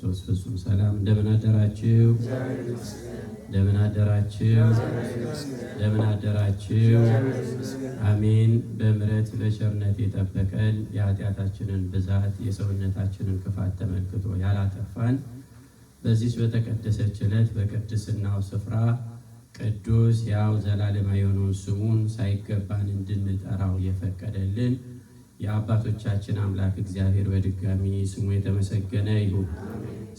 ክርስቶስ ፍጹም ሰላም እንደምን አደራችሁ? እንደምን አደራችሁ? እንደምን አደራችሁ? አሜን። በምረት በቸርነት የጠበቀን የኃጢአታችንን ብዛት የሰውነታችንን ክፋት ተመልክቶ ያላጠፋን በዚች በተቀደሰች ዕለት በቅድስናው ስፍራ ቅዱስ ያው ዘላለማ የሆነውን ስሙን ሳይገባን እንድንጠራው የፈቀደልን የአባቶቻችን አምላክ እግዚአብሔር በድጋሚ ስሙ የተመሰገነ ይሁን።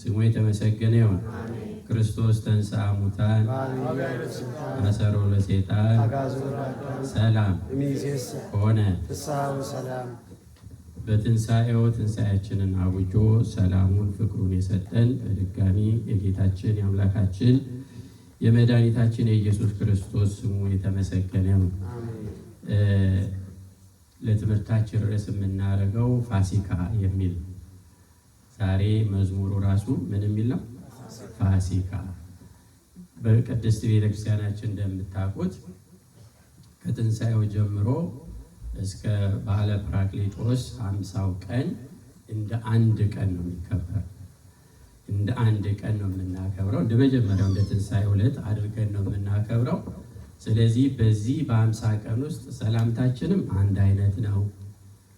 ስሙ የተመሰገነ ይሁን። ክርስቶስ ተንሥአ እሙታን አሰሮ ለሰይጣን ሰላም ሆነ። በትንሣኤው ትንሣኤያችንን አውጆ ሰላሙን ፍቅሩን የሰጠን በድጋሚ የጌታችን የአምላካችን የመድኃኒታችን የኢየሱስ ክርስቶስ ስሙ የተመሰገነ ነው። ለትምህርታችን ርዕስ የምናደርገው ፋሲካ የሚል ዛሬ መዝሙሩ ራሱ ምን የሚል ነው? ፋሲካ። በቅድስት ቤተክርስቲያናችን እንደምታውቁት ከትንሣኤው ጀምሮ እስከ በዓለ ጰራቅሊጦስ አምሳው ቀን እንደ አንድ ቀን ነው የሚከበር። እንደ አንድ ቀን ነው የምናከብረው። እንደ መጀመሪያው እንደ ትንሣኤ ዕለት አድርገን ነው የምናከብረው። ስለዚህ በዚህ በአምሳ ቀን ውስጥ ሰላምታችንም አንድ አይነት ነው።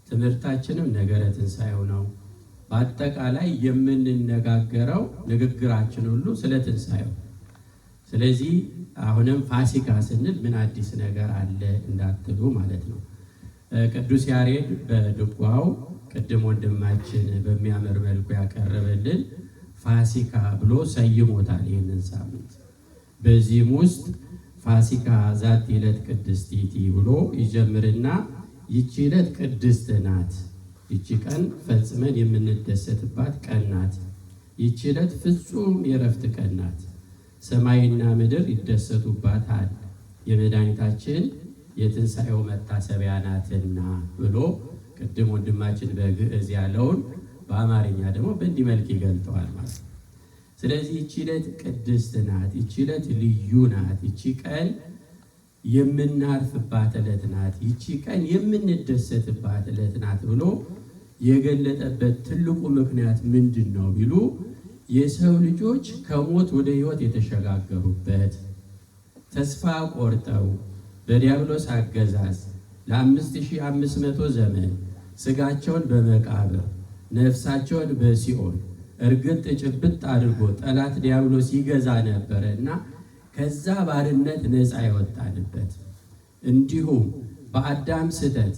ትምህርታችንም ነገረ ትንሣኤው ነው። በአጠቃላይ የምንነጋገረው ንግግራችን ሁሉ ስለ ትንሣኤው። ስለዚህ አሁንም ፋሲካ ስንል ምን አዲስ ነገር አለ እንዳትሉ ማለት ነው። ቅዱስ ያሬድ በድጓው ቅድም ወንድማችን በሚያምር መልኩ ያቀረበልን ፋሲካ ብሎ ሰይሞታል ይህንን ሳምንት። በዚህም ውስጥ ፋሲካ ዛቲ ዕለት ቅድስት ብሎ ይጀምርና ይቺ ዕለት ቅድስት ናት፣ ይቺ ቀን ፈጽመን የምንደሰትባት ቀን ናት፣ ይቺ ዕለት ፍጹም የረፍት ቀን ናት፣ ሰማይና ምድር ይደሰቱባታል፣ የመድኃኒታችን የትንሣኤው መታሰቢያ ናትና ብሎ ቅድም ወንድማችን በግዕዝ ያለውን በአማርኛ ደግሞ በእንዲህ መልክ ይገልጠዋል ማለት ነው። ስለዚህ ይቺ ዕለት ቅድስት ናት። ይቺ ዕለት ልዩ ናት። ይቺ ቀን የምናርፍባት ዕለት ናት። ይቺ ቀን የምንደሰትባት ዕለት ናት ብሎ የገለጠበት ትልቁ ምክንያት ምንድን ነው ቢሉ የሰው ልጆች ከሞት ወደ ሕይወት የተሸጋገሩበት ተስፋ ቆርጠው በዲያብሎስ አገዛዝ ለ5500 መቶ ዘመን ስጋቸውን በመቃብር ነፍሳቸውን በሲኦል እርግጥ ጭብጥ አድርጎ ጠላት ዲያብሎስ ይገዛ ነበረ እና ከዛ ባርነት ነፃ የወጣንበት እንዲሁም በአዳም ስህተት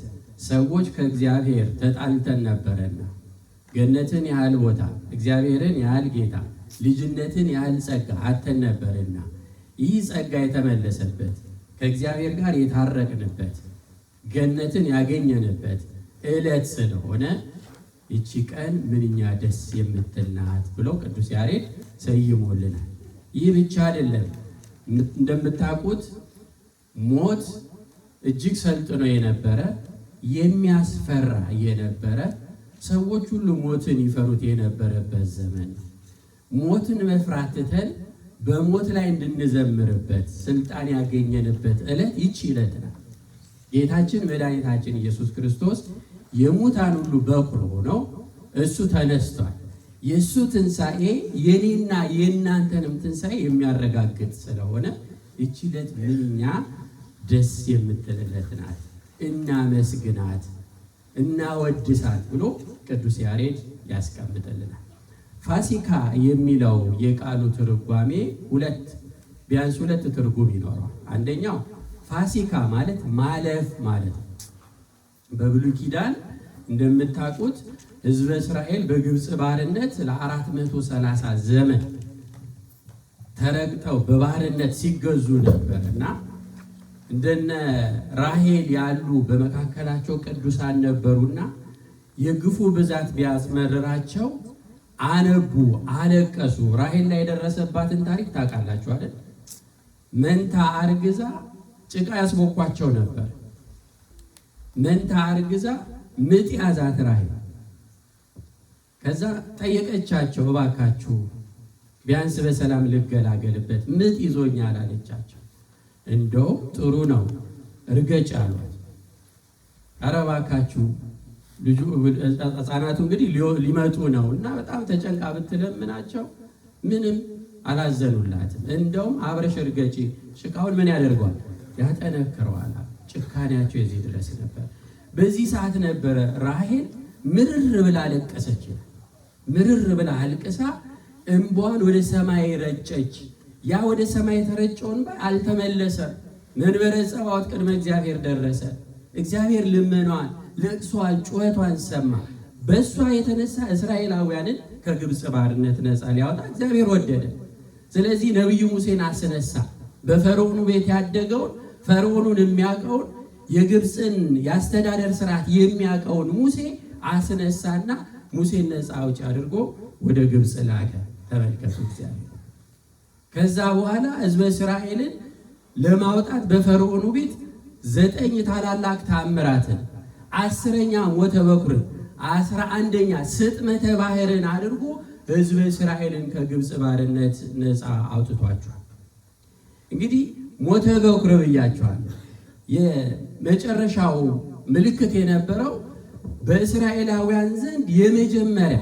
ሰዎች ከእግዚአብሔር ተጣልተን ነበረና ገነትን ያህል ቦታ እግዚአብሔርን ያህል ጌታ ልጅነትን ያህል ጸጋ አተን ነበርና ይህ ጸጋ የተመለሰበት ከእግዚአብሔር ጋር የታረቅንበት ገነትን ያገኘንበት ዕለት ስለሆነ እቺ ቀን ምንኛ ደስ የምትል ብሎ ቅዱስ ያሬድ ሰይሞልናል። ይህ ብቻ አይደለም። እንደምታውቁት ሞት እጅግ ሰልጥኖ የነበረ የሚያስፈራ የነበረ ሰዎች ሁሉ ሞትን ይፈሩት የነበረበት ዘመን ነው። ሞትን መፍራት ትተን በሞት ላይ እንድንዘምርበት ስልጣን ያገኘንበት ዕለት ይቺ ዕለት ናት። ጌታችን መድኃኒታችን ኢየሱስ ክርስቶስ የሙታን ሁሉ በኩር ሆነው እሱ ተነስቷል። የእሱ ትንሣኤ የኔና የእናንተንም ትንሣኤ የሚያረጋግጥ ስለሆነ ይቺ ዕለት ምንኛ ደስ የምትልለት ናት። እናመስግናት፣ እናወድሳት ብሎ ቅዱስ ያሬድ ያስቀምጥልናል። ፋሲካ የሚለው የቃሉ ትርጓሜ ሁለት ቢያንስ ሁለት ትርጉም ይኖረዋል። አንደኛው ፋሲካ ማለት ማለፍ ማለት ነው። በብሉይ ኪዳን እንደምታውቁት ህዝበ እስራኤል በግብፅ ባርነት ለ430 ዘመን ተረግጠው በባርነት ሲገዙ ነበር እና እንደነ ራሄል ያሉ በመካከላቸው ቅዱሳን ነበሩና የግፉ ብዛት ቢያስመርራቸው አነቡ፣ አለቀሱ። ራሄል ላይ የደረሰባትን ታሪክ ታውቃላችሁ አይደል? መንታ አርግዛ ጭቃ ያስቦኳቸው ነበር። መንታ አርግዛ ምጥ ያዛት ራይ ከዛ ጠየቀቻቸው፣ እባካችሁ ቢያንስ በሰላም ልገላገልበት ምጥ ይዞኛል አለቻቸው። እንደው ጥሩ ነው እርገጭ አሏት። ኧረ እባካችሁ ልጁ ሕፃናቱ እንግዲህ ሊመጡ ነው እና በጣም ተጨንቃ ብትለምናቸው ምንም አላዘኑላትም። እንደውም አብረሽ እርገጪ፣ ጭቃውን ምን ያደርገዋል? ያጠነክረዋል። ጭካኔያቸው የዚህ ድረስ ነበር። በዚህ ሰዓት ነበረ ራሄል ምርር ብላ አለቀሰች። ምርር ብላ አልቅሳ እንቧን ወደ ሰማይ ረጨች። ያ ወደ ሰማይ የተረጨውን አልተመለሰ። መንበረ ጸባዖት ቅድመ እግዚአብሔር ደረሰ። እግዚአብሔር ልመኗን፣ ለቅሷን፣ ጩኸቷን ሰማ። በእሷ የተነሳ እስራኤላውያንን ከግብፅ ባርነት ነፃ ሊያወጣ እግዚአብሔር ወደደ። ስለዚህ ነቢዩ ሙሴን አስነሳ። በፈርዖኑ ቤት ያደገውን ፈርዖኑን የሚያውቀውን የግብፅን የአስተዳደር ስርዓት የሚያውቀውን ሙሴ አስነሳና ሙሴን ነፃ አውጪ አድርጎ ወደ ግብፅ ላከ። ተመልከቱ እግዚአብሔር። ከዛ በኋላ ህዝበ እስራኤልን ለማውጣት በፈርዖኑ ቤት ዘጠኝ ታላላቅ ታምራትን፣ አስረኛ ሞተ በኩርን፣ አስራ አንደኛ ስጥመተ ባህርን አድርጎ ህዝበ እስራኤልን ከግብፅ ባርነት ነፃ አውጥቷቸዋል። እንግዲህ ሞተ በኩረ ብያቸዋል። የመጨረሻው ምልክት የነበረው በእስራኤላውያን ዘንድ የመጀመሪያ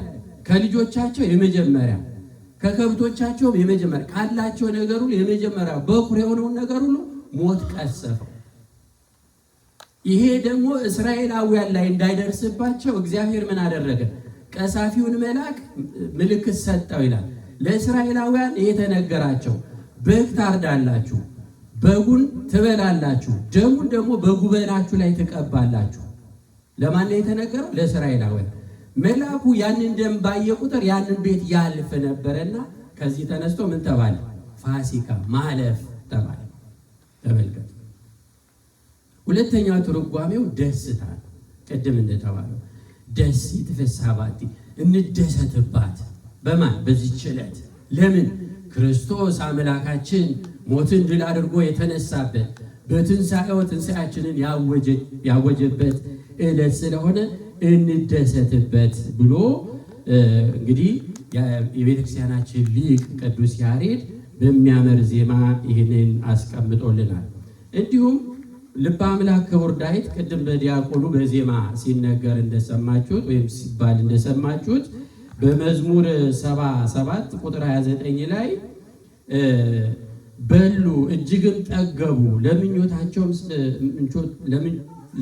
ከልጆቻቸው የመጀመሪያ ከከብቶቻቸው የመጀመሪያ ካላቸው ነገር ሁሉ የመጀመሪያ በኩር የሆነውን ነገር ሁሉ ሞት ቀሰፈው። ይሄ ደግሞ እስራኤላውያን ላይ እንዳይደርስባቸው እግዚአብሔር ምን አደረገ? ቀሳፊውን መልአክ ምልክት ሰጠው ይላል። ለእስራኤላውያን ይሄ ተነገራቸው፣ በግ ታርዳላችሁ በጉን ትበላላችሁ፣ ደሙን ደግሞ በጉበናችሁ ላይ ትቀባላችሁ። ለማን ላይ የተነገረው? ለእስራኤላውያን። መልአኩ ያንን ደም ባየ ቁጥር ያንን ቤት ያልፍ ነበረና ከዚህ ተነስቶ ምን ተባለ? ፋሲካ ማለፍ ተባለ። ተመልከቱ። ሁለተኛው ትርጓሜው ደስታ፣ ቅድም እንደተባለው ደስ ይትፈሳባት እንደሰትባት በማን በዚህች ዕለት ለምን ክርስቶስ አምላካችን ሞትን ድል አድርጎ የተነሳበት በትንሣኤው ትንሣኤያችንን ያወጀበት ዕለት ስለሆነ እንደሰትበት ብሎ እንግዲህ የቤተክርስቲያናችን ሊቅ ቅዱስ ያሬድ በሚያምር ዜማ ይህንን አስቀምጦልናል። እንዲሁም ልበ አምላክ ክቡር ዳዊት ቅድም በዲያቆኑ በዜማ ሲነገር እንደሰማችሁት ወይም ሲባል እንደሰማችሁት በመዝሙር 77 ቁጥር 29 ላይ በሉ እጅግም ጠገቡ፣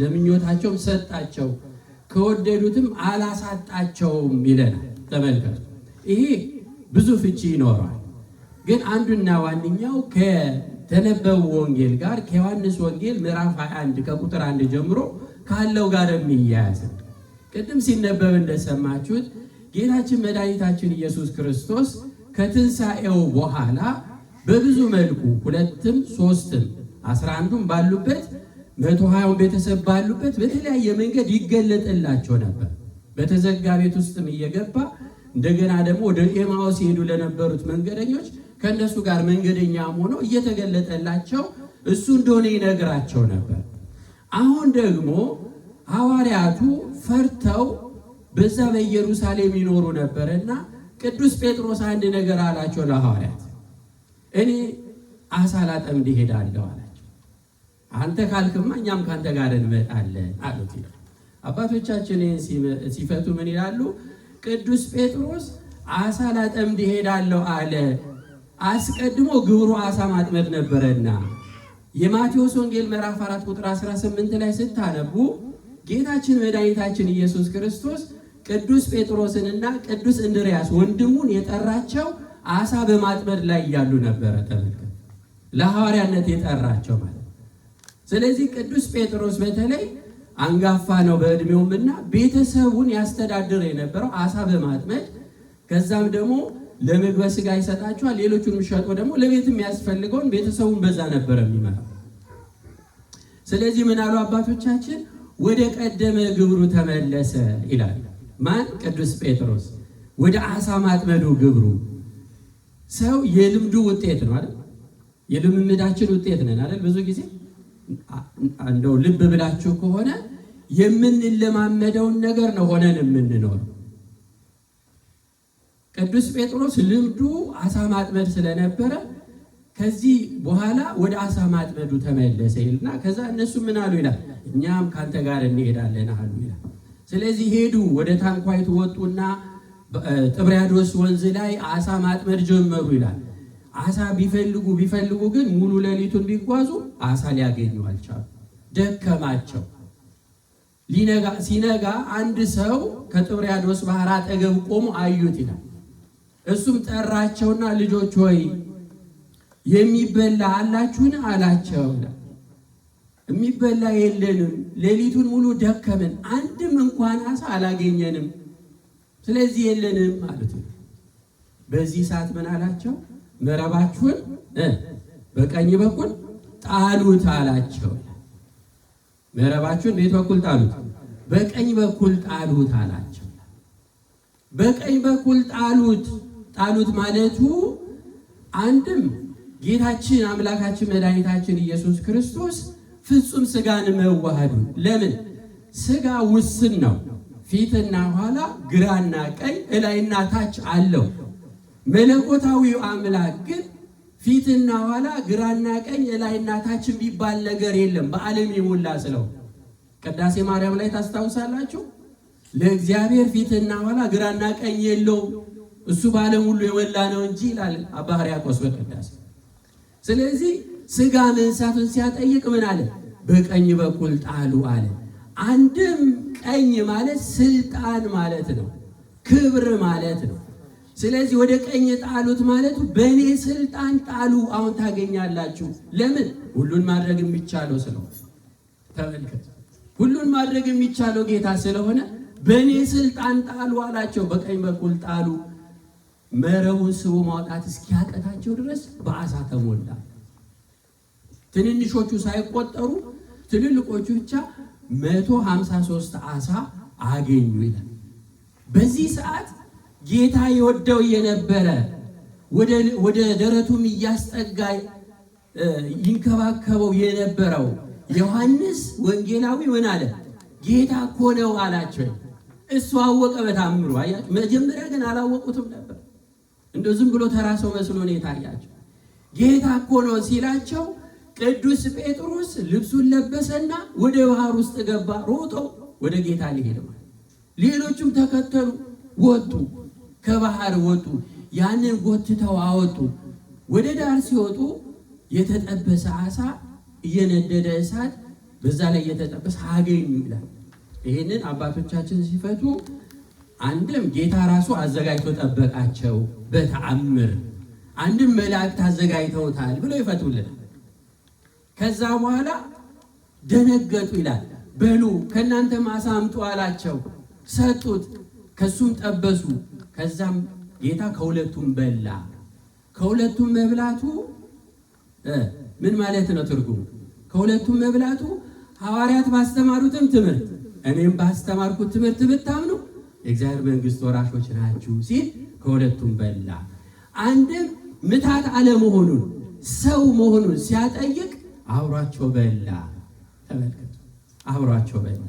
ለምኞታቸውም ሰጣቸው፣ ከወደዱትም አላሳጣቸውም ይለናል። ተመልከቱ፣ ይሄ ብዙ ፍቺ ይኖረዋል። ግን አንዱና ዋነኛው ከተነበቡ ወንጌል ጋር ከዮሐንስ ወንጌል ምዕራፍ 21 ከቁጥር 1 ጀምሮ ካለው ጋር የሚያያዝ ቅድም ሲነበብ እንደሰማችሁት ጌታችን መድኃኒታችን ኢየሱስ ክርስቶስ ከትንሣኤው በኋላ በብዙ መልኩ ሁለትም ሶስትም አስራ አንዱም ባሉበት መቶ ሀያውን ቤተሰብ ባሉበት በተለያየ መንገድ ይገለጥላቸው ነበር። በተዘጋ ቤት ውስጥም እየገባ እንደገና ደግሞ ወደ ኤማዎስ ሲሄዱ ለነበሩት መንገደኞች ከእነሱ ጋር መንገደኛም ሆኖ እየተገለጠላቸው እሱ እንደሆነ ይነግራቸው ነበር። አሁን ደግሞ ሐዋርያቱ ፈርተው በዛ በኢየሩሳሌም ይኖሩ ነበርና ቅዱስ ጴጥሮስ አንድ ነገር አላቸው ለሐዋርያት እኔ አሳ ላጠምድ እሄዳለሁ አላቸው። አንተ ካልክማ እኛም ከአንተ ጋር እንመጣለን አሉት። አባቶቻችን ይህን ሲፈቱ ምን ይላሉ? ቅዱስ ጴጥሮስ አሳ ላጠምድ እሄዳለሁ አለ። አስቀድሞ ግብሩ አሳ ማጥመድ ነበረና የማቴዎስ ወንጌል ምዕራፍ 4 ቁጥር 18 ላይ ስታነቡ ጌታችን መድኃኒታችን ኢየሱስ ክርስቶስ ቅዱስ ጴጥሮስንና ቅዱስ እንድርያስ ወንድሙን የጠራቸው አሳ በማጥመድ ላይ እያሉ ነበረ። ተመልከት ለሐዋርያነት የጠራቸው ማለት ስለዚህ ቅዱስ ጴጥሮስ በተለይ አንጋፋ ነው በእድሜውም እና ቤተሰቡን ያስተዳድር የነበረው አሳ በማጥመድ ከዛም ደግሞ ለምግበ ስጋ ይሰጣቸዋል። ሌሎቹን የሚሸጡ ደግሞ ለቤት የሚያስፈልገውን ቤተሰቡን በዛ ነበር የሚመራ። ስለዚህ ምን አሉ አባቶቻችን? ወደ ቀደመ ግብሩ ተመለሰ ይላል። ማን? ቅዱስ ጴጥሮስ ወደ አሳ ማጥመዱ ግብሩ ሰው የልምዱ ውጤት ነው አይደል? የልምምዳችን ውጤት ነን አይደል? ብዙ ጊዜ እንደው ልብ ብላችሁ ከሆነ የምንለማመደውን ነገር ነው ሆነን የምንኖር። ቅዱስ ጴጥሮስ ልምዱ አሳ ማጥመድ ስለነበረ ከዚህ በኋላ ወደ አሳ ማጥመዱ ተመለሰ ይልና ከዛ እነሱ ምን አሉ ይላል፣ እኛም ከአንተ ጋር እንሄዳለን አሉ ይላል። ስለዚህ ሄዱ፣ ወደ ታንኳይቱ ወጡና ጥብርያዶስ ወንዝ ላይ አሳ ማጥመድ ጀመሩ ይላል። አሳ ቢፈልጉ ቢፈልጉ ግን ሙሉ ሌሊቱን ቢጓዙ አሳ ሊያገኙ አልቻሉ። ደከማቸው። ሲነጋ አንድ ሰው ከጥብርያዶስ ባህር አጠገብ ቆሞ አዩት ይላል። እሱም ጠራቸውና ልጆች ሆይ የሚበላ አላችሁን? አላቸው የሚበላ የለንም፣ ሌሊቱን ሙሉ ደከምን፣ አንድም እንኳን አሳ አላገኘንም ስለዚህ የለንም ማለት ነው። በዚህ ሰዓት ምን አላቸው? መረባችሁን በቀኝ በኩል ጣሉት አላቸው። መረባችሁን ቤት በኩል ጣሉት፣ በቀኝ በኩል ጣሉት አላቸው። በቀኝ በኩል ጣሉት ጣሉት ማለቱ አንድም ጌታችን አምላካችን መድኃኒታችን ኢየሱስ ክርስቶስ ፍጹም ስጋን መዋሃዱ። ለምን ስጋ ውስን ነው ፊትና ኋላ፣ ግራና ቀኝ፣ እላይና ታች አለው። መለኮታዊው አምላክ ግን ፊትና ኋላ፣ ግራና ቀኝ፣ እላይና ታች የሚባል ነገር የለም። በዓለም የሞላ ስለው ቅዳሴ ማርያም ላይ ታስታውሳላችሁ። ለእግዚአብሔር ፊትና ኋላ፣ ግራና ቀኝ የለውም እሱ በዓለም ሁሉ የሞላ ነው እንጂ ይላል አባ ሕርያቆስ በቅዳሴ። ስለዚህ ስጋ መንሳቱን ሲያጠይቅ ምን አለ? በቀኝ በኩል ጣሉ አለ። አንድም ቀኝ ማለት ስልጣን ማለት ነው፣ ክብር ማለት ነው። ስለዚህ ወደ ቀኝ ጣሉት ማለቱ በእኔ ስልጣን ጣሉ፣ አሁን ታገኛላችሁ። ለምን ሁሉን ማድረግ የሚቻለው ስለሆነ፣ ተመልከት፣ ሁሉን ማድረግ የሚቻለው ጌታ ስለሆነ በእኔ ስልጣን ጣሉ አላቸው። በቀኝ በኩል ጣሉ። መረቡን ስቦ ማውጣት እስኪያቀታቸው ድረስ በአሳ ተሞላ። ትንንሾቹ ሳይቆጠሩ ትልልቆቹ ብቻ መቶ አሳ አገኙ ይላል። በዚህ ሰዓት ጌታ የወደው የነበረ ወደ ደረቱም እያስጠጋ ይንከባከበው የነበረው ዮሐንስ ወንጌላዊ ምን አለ? ጌታ እኮ ነው አላቸው። እሱ አወቀ በታምሩ። መጀመሪያ ግን አላወቁትም ነበር። እንደ ዝም ብሎ ተራ ሰው መስሎ ነው የታያቸው። ጌታ እኮ ነው ሲላቸው ቅዱስ ጴጥሮስ ልብሱን ለበሰና ወደ ባህር ውስጥ ገባ። ሮጠው ወደ ጌታ ሊሄድ ሌሎቹም ተከተሉ። ወጡ፣ ከባህር ወጡ። ያንን ጎትተው አወጡ። ወደ ዳር ሲወጡ የተጠበሰ አሳ እየነደደ እሳት፣ በዛ ላይ የተጠበሰ አገኙ ይላል። ይህንን አባቶቻችን ሲፈቱ አንድም ጌታ ራሱ አዘጋጅቶ ጠበቃቸው በተአምር፣ አንድም መላእክት አዘጋጅተውታል ብሎ ይፈቱልናል። ከዛ በኋላ ደነገጡ ይላል። በሉ ከእናንተ ማሳ አምጡ አላቸው። ሰጡት፣ ከሱም ጠበሱ። ከዛም ጌታ ከሁለቱም በላ። ከሁለቱም መብላቱ ምን ማለት ነው? ትርጉም ከሁለቱም መብላቱ ሐዋርያት ባስተማሩትም ትምህርት እኔም ባስተማርኩት ትምህርት ብታምኑ የእግዚአብሔር መንግስት ወራሾች ናችሁ ሲል ከሁለቱም በላ። አንድም ምታት አለመሆኑን ሰው መሆኑን ሲያጠይቅ አብሯቸው በላ። ተመልከቱ፣ አብሯቸው በላ፣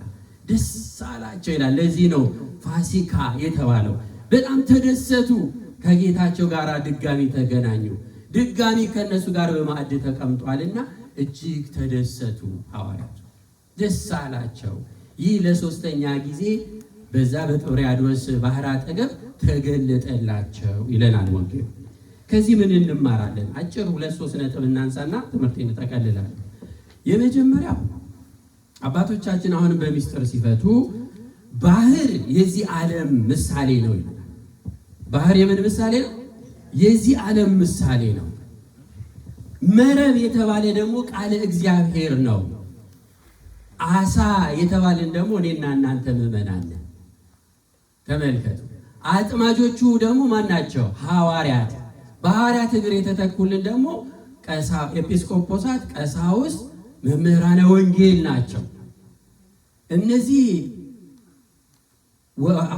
ደስ አላቸው ይላል። ለዚህ ነው ፋሲካ የተባለው። በጣም ተደሰቱ። ከጌታቸው ጋር ድጋሚ ተገናኙ። ድጋሚ ከነሱ ጋር በማዕድ ተቀምጧልና እጅግ ተደሰቱ። ሐዋርያቱ ደስ አላቸው። ይህ ለሶስተኛ ጊዜ በዛ በጥብርያዶስ ባህር አጠገብ ተገለጠላቸው ይለናል ወንጌሉ። ከዚህ ምን እንማራለን? አጭር ሁለት ሶስት ነጥብ እናንሳና ትምህርት እንጠቀልላለን። የመጀመሪያው አባቶቻችን አሁን በሚስጥር ሲፈቱ ባህር የዚህ ዓለም ምሳሌ ነው ይላል። ባህር የምን ምሳሌ ነው? የዚህ ዓለም ምሳሌ ነው። መረብ የተባለ ደግሞ ቃለ እግዚአብሔር ነው። አሳ የተባለን ደግሞ እኔና እናንተ ምእመናን ተመልከቱ። አጥማጆቹ ደግሞ ማን ናቸው? ሐዋርያት በሐዋርያት እግር የተተኩልን ደግሞ ኤጲስቆጶሳት፣ ቀሳውስት፣ መምህራነ ወንጌል ናቸው። እነዚህ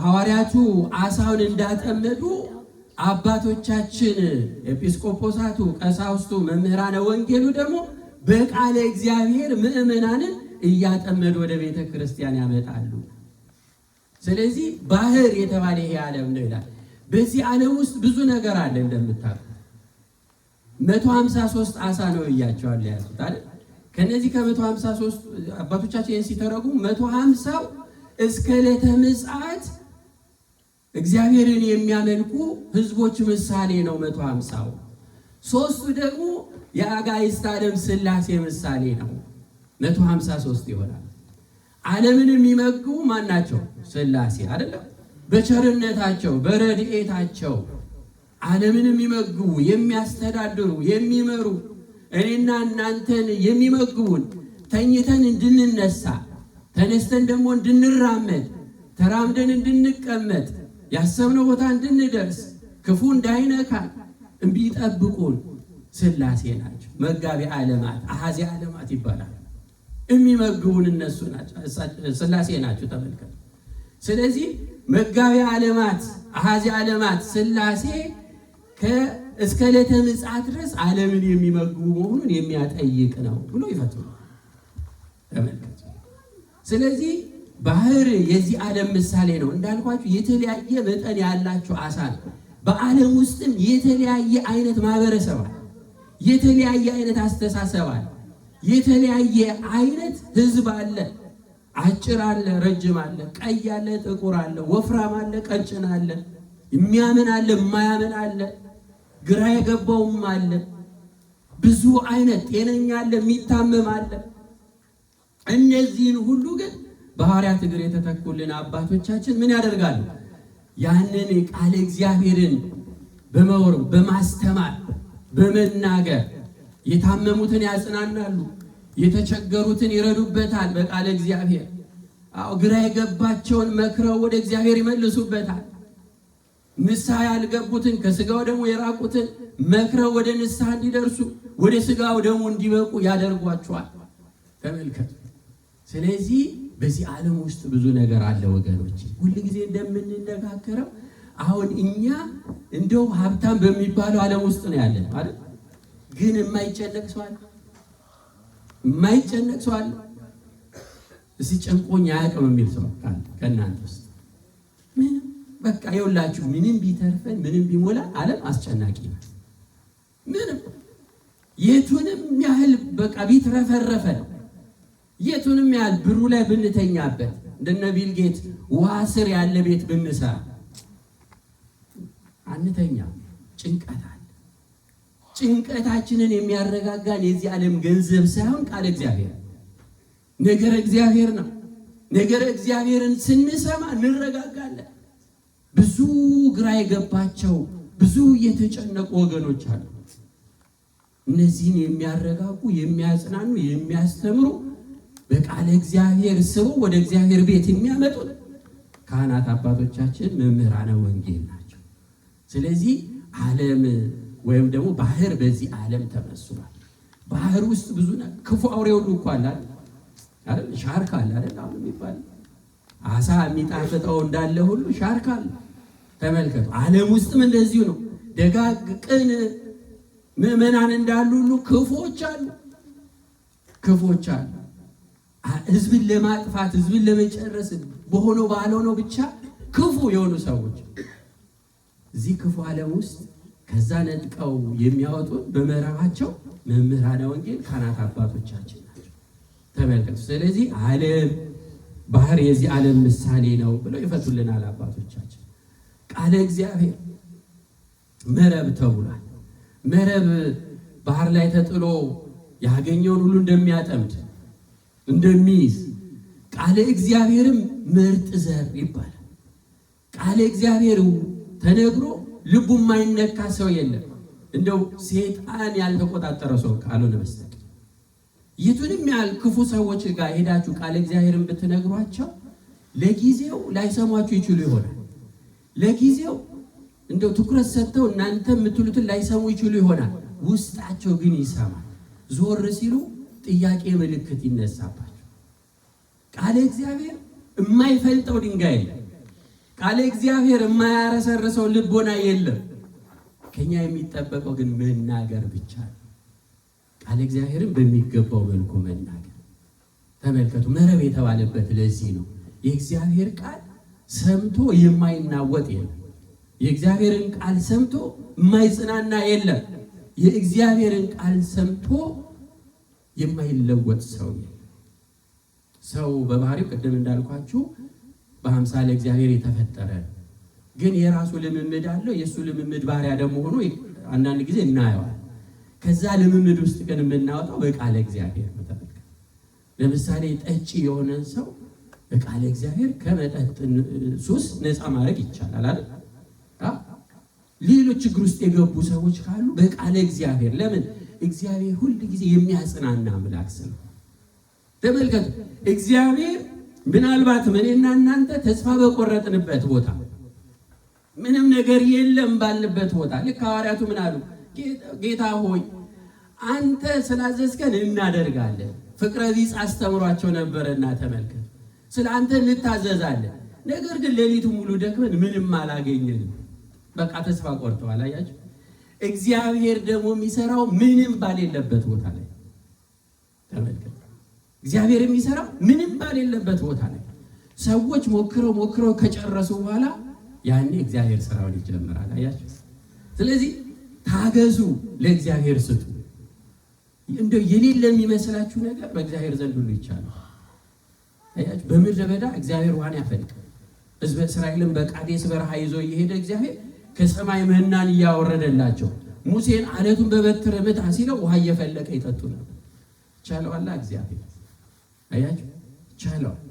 ሐዋርያቱ አሳውን እንዳጠመዱ አባቶቻችን ኤጲስቆጶሳቱ፣ ቀሳውስቱ፣ መምህራነ ወንጌሉ ደግሞ በቃለ እግዚአብሔር ምእመናንን እያጠመዱ ወደ ቤተ ክርስቲያን ያመጣሉ። ስለዚህ ባህር የተባለ ይሄ ዓለም ነው ይላል። በዚህ ዓለም ውስጥ ብዙ ነገር አለ እንደምታውቁ። መቶ አሳ ነው እያቸዋል ያዙት አይደል? ከነዚህ ከ153 አባቶቻችን ሲተረጉሙ መቶ እስከ ዕለተ ምጽአት እግዚአብሔርን የሚያመልኩ ህዝቦች ምሳሌ ነው። መቶ ሀምሳው ሶስቱ ደግሞ የአጋዕዝተ ዓለም ስላሴ ምሳሌ ነው። መቶ ሀምሳ ሶስት ይሆናል። ዓለምን የሚመግቡ ማን ናቸው? ስላሴ አይደለም በቸርነታቸው በረድኤታቸው ዓለምን የሚመግቡ የሚያስተዳድሩ የሚመሩ እኔና እናንተን የሚመግቡን ተኝተን እንድንነሳ ተነስተን ደግሞ እንድንራመድ ተራምደን እንድንቀመጥ ያሰብነው ቦታ እንድንደርስ ክፉ እንዳይነካን እንቢጠብቁን ስላሴ ናቸው። መጋቢ ዓለማት አሐዚ ዓለማት ይባላል። የሚመግቡን እነሱ ናቸው፣ ስላሴ ናቸው። ተመልከቱ። ስለዚህ መጋቢ ዓለማት አሃዚ ዓለማት ስላሴ እስከ ዕለተ ምጽአት ድረስ ዓለምን የሚመግቡ መሆኑን የሚያጠይቅ ነው ብሎ ይፈትሉ። ተመልከቱ። ስለዚህ ባህር የዚህ ዓለም ምሳሌ ነው። እንዳልኳችሁ የተለያየ መጠን ያላቸው አሳ በዓለም ውስጥም የተለያየ አይነት ማህበረሰብ አለ። የተለያየ አይነት አስተሳሰብ አለ። የተለያየ አይነት ህዝብ አለ። አጭር አለ፣ ረጅም አለ፣ ቀይ አለ፣ ጥቁር አለ፣ ወፍራም አለ፣ ቀጭን አለ፣ የሚያምን አለ፣ የማያምን አለ፣ ግራ የገባውም አለ፣ ብዙ አይነት ጤነኛ አለ፣ የሚታመም አለ። እነዚህን ሁሉ ግን በሐዋርያት እግር የተተኩልን አባቶቻችን ምን ያደርጋሉ? ያንን ቃለ እግዚአብሔርን በመወር በማስተማር በመናገር የታመሙትን ያጽናናሉ። የተቸገሩትን ይረዱበታል በቃለ እግዚአብሔር። አዎ ግራ የገባቸውን መክረው ወደ እግዚአብሔር ይመልሱበታል። ንስሐ ያልገቡትን ከስጋው ደግሞ የራቁትን መክረው ወደ ንስሐ እንዲደርሱ ወደ ስጋው ደግሞ እንዲበቁ ያደርጓቸዋል። ተመልከቱ። ስለዚህ በዚህ ዓለም ውስጥ ብዙ ነገር አለ ወገኖች። ሁል ጊዜ እንደምንነጋገረው አሁን እኛ እንደው ሀብታም በሚባለው ዓለም ውስጥ ነው ያለን አይደል? ግን የማይጨነቅ ሰው አለ የማይጨነቅ ሰው አለ? እስቲ ጨንቆኝ አያውቅም የሚል ሰው አለ ከእናንተ ውስጥ? ምንም በቃ የውላችሁ ምንም ቢተርፈን ምንም ቢሞላ ዓለም አስጨናቂ ነው። ምንም የቱንም ያህል በቃ ቢትረፈረፈ የቱንም ያህል ብሩ ላይ ብንተኛበት እንደነ ቢል ጌት ውሃ ስር ያለ ቤት ብንሰራ አንተኛ ጭንቀታ ጭንቀታችንን የሚያረጋጋን የዚህ ዓለም ገንዘብ ሳይሆን ቃለ እግዚአብሔር ነገረ እግዚአብሔር ነው። ነገረ እግዚአብሔርን ስንሰማ እንረጋጋለን። ብዙ ግራ የገባቸው ብዙ የተጨነቁ ወገኖች አሉ። እነዚህን የሚያረጋጉ የሚያጽናኑ፣ የሚያስተምሩ በቃለ እግዚአብሔር ስበው ወደ እግዚአብሔር ቤት የሚያመጡት ካህናት አባቶቻችን መምህራነ ወንጌል ናቸው። ስለዚህ ዓለም ወይም ደግሞ ባህር በዚህ ዓለም ተመስሏል። ባህር ውስጥ ብዙ ክፉ አውሬ ሁሉ እኮ አለ አይደል? ሻርክ አለ አይደል? አሁን የሚባል አሳ የሚጣፍጠው እንዳለ ሁሉ ሻርክ አለ። ተመልከቱ። ዓለም ውስጥም እንደዚሁ ነው። ደጋግ ቅን ምዕመናን እንዳሉ ሁሉ ክፎች አሉ፣ ክፎች አሉ። ህዝብን ለማጥፋት ህዝብን ለመጨረስ በሆነው ባልሆነው ብቻ ክፉ የሆኑ ሰዎች እዚህ ክፉ ዓለም ውስጥ ከዛ ነጥቀው የሚያወጡን በመረባቸው መምህራነ ወንጌል ካናት አባቶቻችን ናቸው። ተመልከቱ። ስለዚህ ዓለም ባህር የዚህ ዓለም ምሳሌ ነው ብለው ይፈቱልናል አባቶቻችን። ቃለ እግዚአብሔር መረብ ተብሏል። መረብ ባህር ላይ ተጥሎ ያገኘውን ሁሉ እንደሚያጠምድ እንደሚይዝ ቃለ እግዚአብሔርም ምርጥ ዘር ይባላል። ቃለ እግዚአብሔር ተነግሮ ልቡ የማይነካ ሰው የለም። እንደው ሴጣን ያልተቆጣጠረ ሰው ካልሆነ በስተቀር የቱንም ያህል ክፉ ሰዎች ጋር ሄዳችሁ ቃለ እግዚአብሔርን ብትነግሯቸው ለጊዜው ላይሰሟችሁ ይችሉ ይሆናል። ለጊዜው እንደው ትኩረት ሰጥተው እናንተ የምትሉትን ላይሰሙ ይችሉ ይሆናል። ውስጣቸው ግን ይሰማል። ዞር ሲሉ ጥያቄ ምልክት ይነሳባቸው። ቃለ እግዚአብሔር የማይፈልጠው ድንጋይ የለም። ካለ እግዚአብሔር የማያረሰርሰው ልቦና የለም። ከኛ የሚጠበቀው ግን መናገር ብቻ ነው። ቃለ እግዚአብሔርን በሚገባው መልኩ መናገር። ተመልከቱ፣ መረብ የተባለበት ለዚህ ነው። የእግዚአብሔር ቃል ሰምቶ የማይናወጥ የለም። የእግዚአብሔርን ቃል ሰምቶ የማይጽናና የለም። የእግዚአብሔርን ቃል ሰምቶ የማይለወጥ ሰው ሰው በባህሪው ቅድም እንዳልኳችሁ በአምሳለ እግዚአብሔር የተፈጠረ ግን የራሱ ልምምድ አለው። የእሱ ልምምድ ባሪያ ደግሞ ሆኖ አንዳንድ ጊዜ እናየዋል። ከዛ ልምምድ ውስጥ ግን የምናወጣው በቃለ እግዚአብሔር መጠበቅ። ለምሳሌ ጠጪ የሆነን ሰው በቃለ እግዚአብሔር ከመጠጥ ሱስ ነፃ ማድረግ ይቻላል አይደል? ሌሎች ችግር ውስጥ የገቡ ሰዎች ካሉ በቃለ እግዚአብሔር ለምን? እግዚአብሔር ሁል ጊዜ የሚያጽናና አምላክ ስለሆነ ተመልከቱ እግዚአብሔር ምናልባት እኔና እናንተ ተስፋ በቆረጥንበት ቦታ ምንም ነገር የለም ባልንበት ቦታ ልክ ሐዋርያቱ ምን አሉ? ጌታ ሆይ አንተ ስላዘዝከን እናደርጋለን። ፍቅረ ቢጽ አስተምሯቸው ነበረና ተመልከት፣ ስለ አንተ እንታዘዛለን። ነገር ግን ሌሊቱ ሙሉ ደክመን ምንም አላገኘንም። በቃ ተስፋ ቆርጠዋል። አያችሁ፣ እግዚአብሔር ደግሞ የሚሰራው ምንም ባሌለበት ቦታ ላይ ተመልከት። እግዚአብሔር የሚሰራው ምንም የለበት ቦታ ነው። ሰዎች ሞክረው ሞክረው ከጨረሱ በኋላ ያኔ እግዚአብሔር ስራውን ይጀምራል። አያችሁ። ስለዚህ ታገዙ፣ ለእግዚአብሔር ስጡ። እንደ የሌለ የሚመስላችሁ ነገር በእግዚአብሔር ዘንድ ሁሉ ይቻላል። አያችሁ። በምድረ በዳ እግዚአብሔር ውሃን ያፈልቅ ህዝበ እስራኤልን በቃዴስ በረሃ ይዞ እየሄደ እግዚአብሔር ከሰማይ መናን እያወረደላቸው ሙሴን አለቱን በበትር ምታ ሲለው ውሃ እየፈለቀ ይጠጡ ነበር። ይቻለዋላ እግዚአብሔር አያችሁ ይቻለዋል።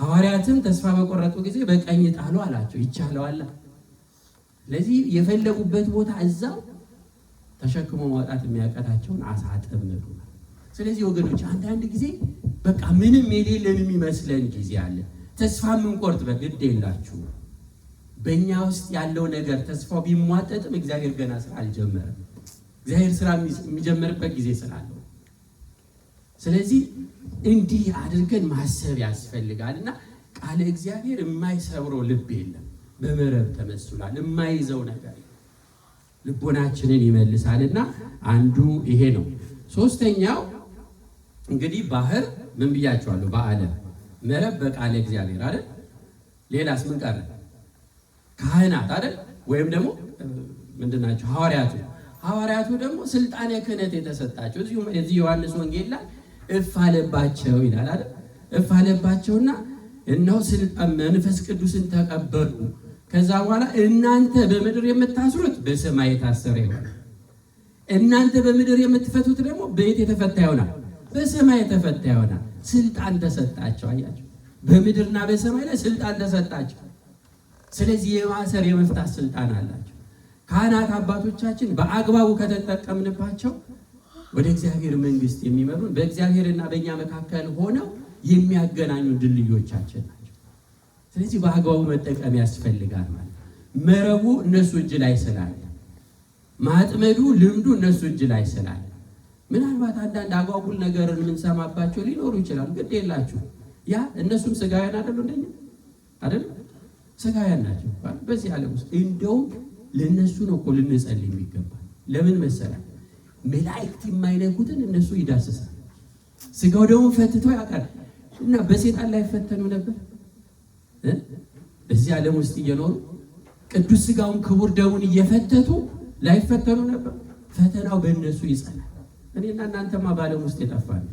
ሐዋርያትም ተስፋ በቆረጡ ጊዜ በቀኝ ጣሉ አላቸው። ይቻለዋል። ስለዚህ የፈለጉበት ቦታ እዛው ተሸክሞ ማውጣት የሚያቀታቸውን አሳ አጠመዱ። ስለዚህ ወገኖች አንዳንድ ጊዜ በቃ ምንም የሌለን የሚመስለን ጊዜ አለ። ተስፋ የምንቆርጥ በግድ የላችሁ። በእኛ ውስጥ ያለው ነገር ተስፋው ቢሟጠጥም እግዚአብሔር ገና ስራ አልጀመረም። እግዚአብሔር ስራ የሚጀምርበት ጊዜ ስላለ ስለዚህ እንዲህ አድርገን ማሰብ ያስፈልጋል እና ቃለ እግዚአብሔር የማይሰብረው ልብ የለም። በመረብ ተመስሏል። የማይዘው ነገር ልቦናችንን ይመልሳል እና አንዱ ይሄ ነው። ሶስተኛው እንግዲህ ባህር ምን ብያቸዋለሁ? በዓለም መረብ በቃለ እግዚአብሔር አለ? ሌላስ ምን ቀረ? ካህናት አለ ወይም ደግሞ ምንድናቸው? ሐዋርያቱ ሐዋርያቱ ደግሞ ስልጣን ክህነት የተሰጣቸው እዚህ ዮሐንስ ወንጌል ላይ እፋለባቸው አለባቸው ይላል አይደል? እፋለባቸውና አለባቸውና እነሆ ስልጣን መንፈስ ቅዱስን ተቀበሉ። ከዛ በኋላ እናንተ በምድር የምታስሩት በሰማይ የታሰረ ይሆናል፣ እናንተ በምድር የምትፈቱት ደግሞ በየት የተፈታ ይሆናል? በሰማይ የተፈታ ይሆናል። ስልጣን ተሰጣቸው። አያቸው፣ በምድርና በሰማይ ላይ ስልጣን ተሰጣቸው። ስለዚህ የማሰር የመፍታት ስልጣን አላቸው። ካህናት አባቶቻችን በአግባቡ ከተጠቀምንባቸው ወደ እግዚአብሔር መንግስት የሚመሩን በእግዚአብሔርና በእኛ መካከል ሆነው የሚያገናኙ ድልድዮቻችን ናቸው። ስለዚህ በአግባቡ መጠቀም ያስፈልጋል። ማለት መረቡ እነሱ እጅ ላይ ስላለ፣ ማጥመዱ ልምዱ እነሱ እጅ ላይ ስላለ ምናልባት አንዳንድ አጓጉል ነገርን የምንሰማባቸው ሊኖሩ ይችላሉ። ግድ የላችሁ ያ እነሱም ስጋውያን አይደሉ እንደ አይደለም ስጋውያን ናቸው። በዚህ ዓለም ውስጥ እንደውም ለእነሱ ነው እኮ የሚገባል። ለምን መሰላል መላእክት የማይነኩትን እነሱ ይዳስሳል። ስጋው ደግሞ ፈትቶ ያውቃል። እና በሴጣን ላይ ፈተኑ ነበር። በዚህ ዓለም ውስጥ እየኖሩ ቅዱስ ስጋውን ክቡር ደሙን እየፈተቱ ላይፈተኑ ነበር። ፈተናው በእነሱ ይጸናል። እኔና እናንተማ በዓለም ውስጥ የጠፋል።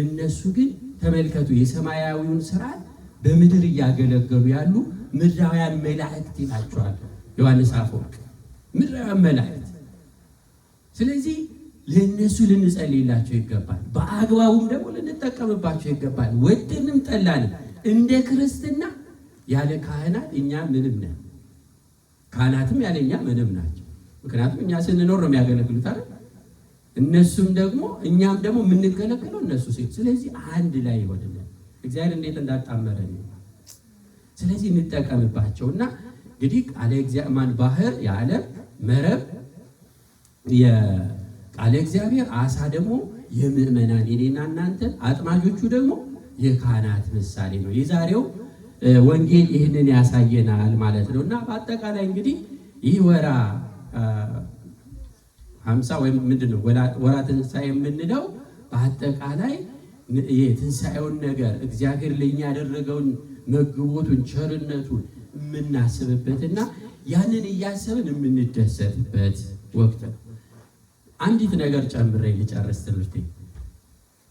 እነሱ ግን ተመልከቱ፣ የሰማያዊውን ስርዓት በምድር እያገለገሉ ያሉ ምድራውያን መላእክት ይላቸዋል ዮሐንስ አፈወርቅ ምድራውያን መላእክት ስለዚህ ለእነሱ ልንጸልይላቸው ይገባል። በአግባቡም ደግሞ ልንጠቀምባቸው ይገባል። ወደንም ጠላን እንደ ክርስትና ያለ ካህናት እኛ ምንም ነን። ካህናትም ያለ እኛ ምንም ናቸው። ምክንያቱም እኛ ስንኖር ነው የሚያገለግሉት አይደል? እነሱም ደግሞ እኛም ደግሞ የምንገለግለው እነሱ ሴት። ስለዚህ አንድ ላይ ይሆንልን እግዚአብሔር እንዴት እንዳጣመረ ስለዚህ እና እንግዲህ አለ እግዚአብሔር ማን ባህር የዓለም መረብ የቃለ እግዚአብሔር አሳ ደግሞ የምዕመናን የኔና እናንተ አጥማጆቹ ደግሞ የካህናት ምሳሌ ነው። የዛሬው ወንጌል ይህንን ያሳየናል ማለት ነው እና በአጠቃላይ እንግዲህ ይህ ወራ ሀምሳ ወይም ምንድን ነው ወራ ትንሣኤ የምንለው በአጠቃላይ የትንሣኤውን ነገር እግዚአብሔር ለእኛ ያደረገውን መግቦቱን፣ ቸርነቱን የምናስብበትና ያንን እያሰብን የምንደሰትበት ወቅት ነው። አንዲት ነገር ጨምሬ ልጨርስ ትምህርት።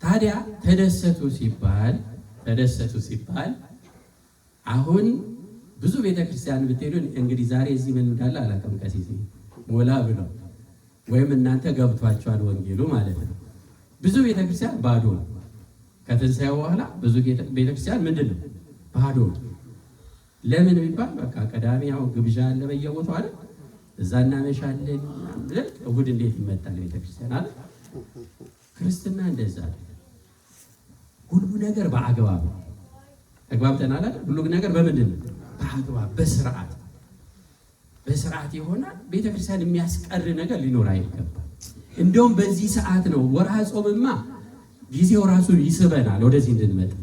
ታዲያ ተደሰቱ ሲባል ተደሰቱ ሲባል አሁን ብዙ ቤተክርስቲያን ብትሄዱ እንግዲህ ዛሬ እዚህ ምን እንዳለ አላውቅም። ሞላ ብለው ወይም እናንተ ገብቷቸዋል ወንጌሉ ማለት ነው። ብዙ ቤተክርስቲያን ባዶ ነው። ከትንሣኤ በኋላ ብዙ ቤተክርስቲያን ምንድን ነው ባዶ። ለምን የሚባል በቃ ቀዳሚ ያው ግብዣ አለ በየቦታው አይደል እዛ እናመሻለን ብለን እሁድ እንዴት ይመጣል ቤተክርስቲያን አለ። ክርስትና እንደዛ ሁሉ ነገር በአግባብ ተግባብተናል። ሁሉ ነገር በምንድን ነው? በአግባብ በስርዓት በስርዓት ይሆናል። ቤተክርስቲያን የሚያስቀር ነገር ሊኖር አይገባም። እንደውም በዚህ ሰዓት ነው ወርሃ ጾምማ ጊዜው ራሱ ይስበናል ወደዚህ እንድንመጣ።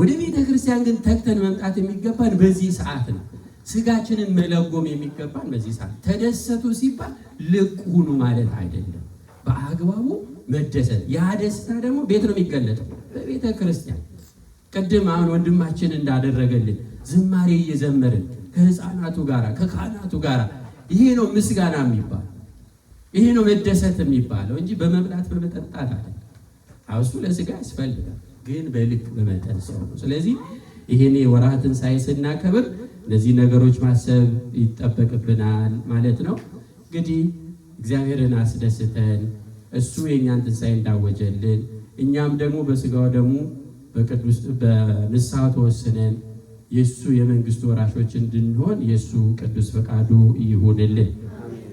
ወደ ቤተክርስቲያን ግን ተግተን መምጣት የሚገባን በዚህ ሰዓት ነው። ስጋችንን መለጎም የሚገባን በዚህ ሰዓት ተደሰቱ ሲባል ልቅ ሁኑ ማለት አይደለም። በአግባቡ መደሰት። ያ ደስታ ደግሞ ቤት ነው የሚገለጠው፣ በቤተ ክርስቲያን። ቅድም አሁን ወንድማችን እንዳደረገልን ዝማሬ እየዘመርን ከህፃናቱ ጋር ከካህናቱ ጋር፣ ይሄ ነው ምስጋና የሚባል ይሄ ነው መደሰት የሚባለው እንጂ በመብላት በመጠጣት አለ እሱ ለስጋ ያስፈልጋል፣ ግን በልክ በመጠን ሰው ነው። ስለዚህ ይሄኔ ወርሃ ትንሣኤ ስናከብር እነዚህ ነገሮች ማሰብ ይጠበቅብናል ማለት ነው። እንግዲህ እግዚአብሔርን አስደስተን እሱ የእኛን ትንሣኤ እንዳወጀልን እኛም ደግሞ በስጋው ደግሞ በቅዱስ በንስሐ ተወስነን የእሱ የመንግስቱ ወራሾች እንድንሆን የእሱ ቅዱስ ፈቃዱ ይሁንልን።